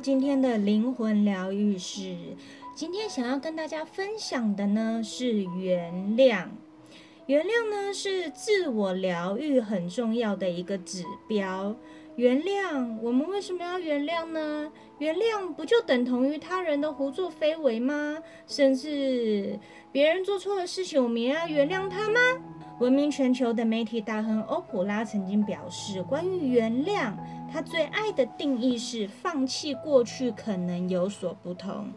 今天的靈魂療癒是，今天想要跟大家分享的呢是原諒。原諒呢是自我療癒很重要的一個指標。原諒，我們為什麼要原諒呢？原諒不就等同於他人的胡作非為嗎？甚至別人做錯了事情、啊，我們要原諒他嗎？聞名全球的媒體大亨歐普拉曾經表示，關於原諒。他最愛的定義是放棄過去，可能有所不同。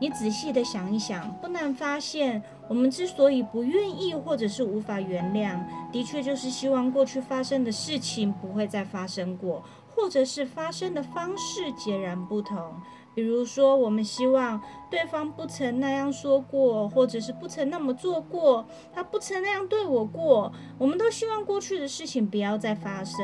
你仔細的想一想，不難發現，我們之所以不願意或者是無法原諒，的確就是希望過去發生的事情不會再發生過，或者是發生的方式截然不同。比如說，我們希望對方不曾那樣說過，或者是不曾那麼做過，他不曾那樣對我過。我們都希望過去的事情不要再發生。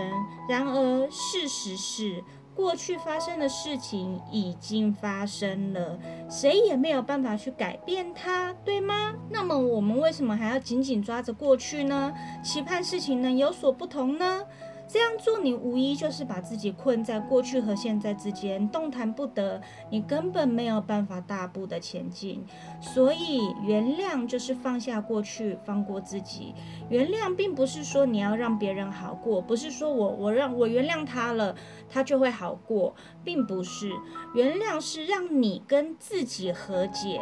然而，事實是，過去發生的事情已經發生了，誰也沒有辦法去改變它，對嗎？那麼，我們為什麼還要緊緊抓着過去呢？期盼事情能有所不同呢？這樣做，你無疑就是把自己困在過去和現在之間，動彈不得。你根本沒有辦法大步的前進。所以，原諒就是放下過去，放過自己。原諒並不是說你要讓別人好過，不是說我，我讓，我原諒他了，他就會好過，並不是。原諒是讓你跟自己和解。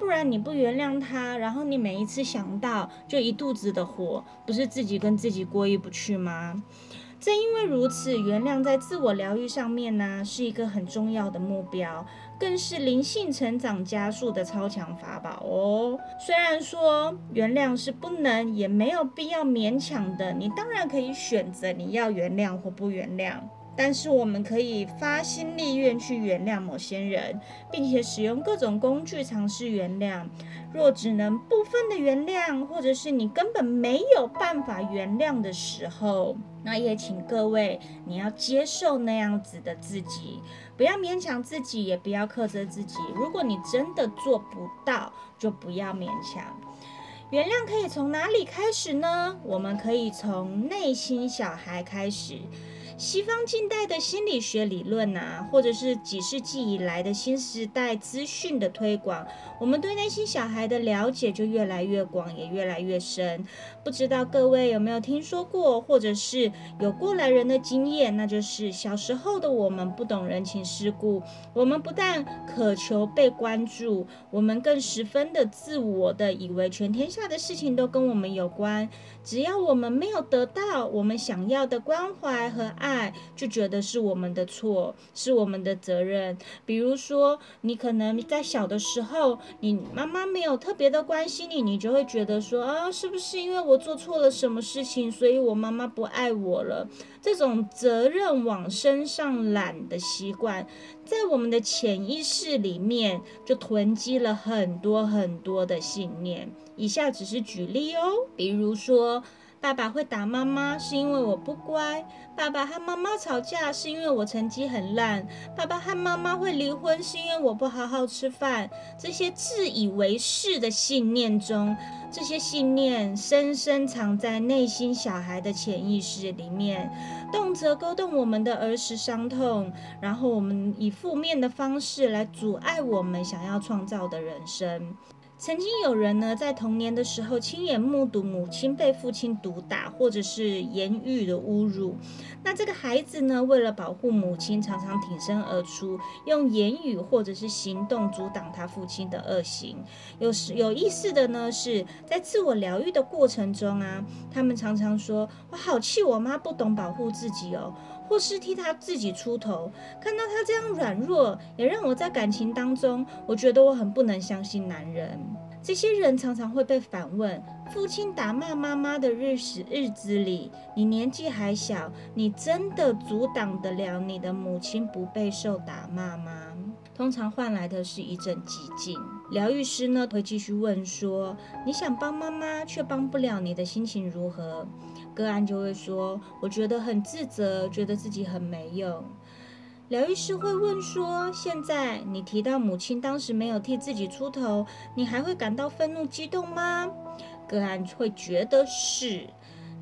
不然你不原諒他，然後你每一次想到就一肚子的火，不是自己跟自己過意不去嗎？正因為如此，原諒在自我療癒上面呢，啊，是一個很重要的目標，更是靈性成長加速的超強法寶哦。雖然說原諒是不能也沒有必要勉強的，你當然可以選擇你要原諒或不原諒。但是我們可以發心立願去原諒某些人，並且使用各種工具嘗試原諒。若只能部分的原諒，或者是你根本沒有辦法原諒的時候，那也請各位你要接受那樣子的自己，不要勉強自己，也不要苛責自己。如果你真的做不到，就不要勉強。原諒可以從哪裡開始呢？我們可以從內心小孩開始。西方近代的心理學理論啊，或者是幾世紀以來的新時代資訊的推廣，我們對內心小孩的了解就越來越廣，也越來越深。不知道各位有沒有聽說過，或者是有過來人的經驗，那就是小時候的我們不懂人情世故，我們不但渴求被關注，我們更十分的自我的以為全天下的事情都跟我們有關，只要我們沒有得到我們想要的關懷和愛，就覺得是我們的錯，是我們的責任。比如說，你可能在小的時候，你媽媽沒有特別的關心你，你就會覺得說啊，是不是因為我做錯了什麼事情，所以我媽媽不愛我了？這種責任往身上攬的習慣，在我們的潛意識裡面就囤積了很多很多的信念。以下只是舉例哦，比如說。爸爸會打媽媽是因為我不乖，爸爸和媽媽吵架是因為我成績很爛，爸爸和媽媽會離婚是因為我不好好吃飯。這些自以為是的信念中，這些信念深深藏在內心小孩的潛意識裡面，動輒勾動我們的兒時傷痛，然後我們以負面的方式來阻礙我們想要創造的人生。曾經有人呢，在童年的時候親眼目睹母親被父親毒打，或者是言語的侮辱。那這個孩子呢，為了保護母親，常常挺身而出，用言語或者是行動阻擋他父親的惡行。有時有意思的呢，是在自我療癒的過程中啊，他們常常說：“我好氣，我媽不懂保護自己哦。”或是替他自己出頭，看到他這樣軟弱，也讓我在感情當中，我覺得我很不能相信男人。這些人常常會被反問，父親打罵媽媽的日時日子裡，你年紀還小，你真的阻擋得了你的母親不備受打罵嗎？通常換來的是一陣寂靜。療癒師呢會繼續問說：“你想幫媽媽卻幫不了，你的心情如何？”個案就會說：“我覺得很自責，覺得自己很沒用。”療癒師會問說：“現在你提到母親當時沒有替自己出頭，你還會感到憤怒激動嗎？”個案會覺得是。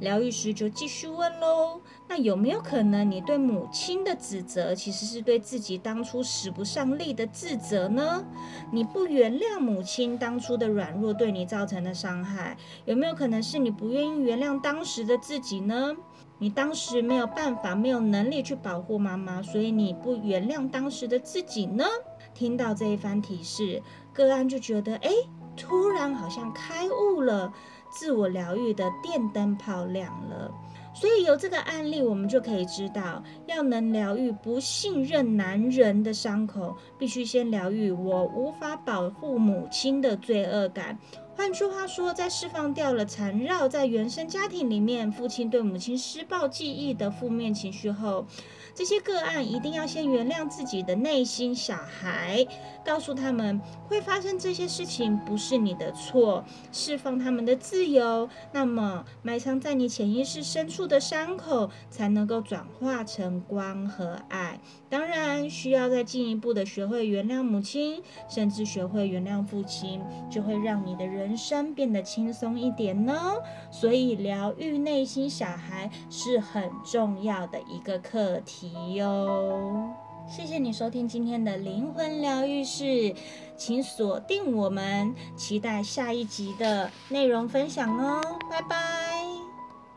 療癒師就繼續問嘍：“那有沒有可能，你對母親的指責其實是對自己當初使不上力的自責呢？你不原諒母親當初的軟弱對你造成的傷害，有沒有可能是你不願意原諒當時的自己呢？你當時沒有辦法、沒有能力去保護媽媽，所以你不原諒當時的自己呢？”聽到這一番提示，個案就覺得：“誒，突然好像開悟了。”自我療癒的電燈泡亮了，所以由這個案例，我們就可以知道，要能療癒不信任男人的傷口，必須先療癒我無法保護母親的罪惡感。換句話說，在釋放掉了纏繞在原生家庭裡面父親對母親施暴記憶的負面情緒後，這些個案一定要先原諒自己的內心小孩，告訴他們會發生這些事情不是你的錯，釋放他們的自由，那麼埋藏在你潛意識深處的傷口才能夠轉化成光和愛。當然，需要再進一步的學會原諒母親，甚至學會原諒父親，就會讓你的人人生變得輕鬆一點呢、哦，所以療癒內心小孩是很重要的一個課題喲、哦。謝謝你收聽今天的靈魂療癒室，請鎖定我們，期待下一集的內容分享哦，拜拜。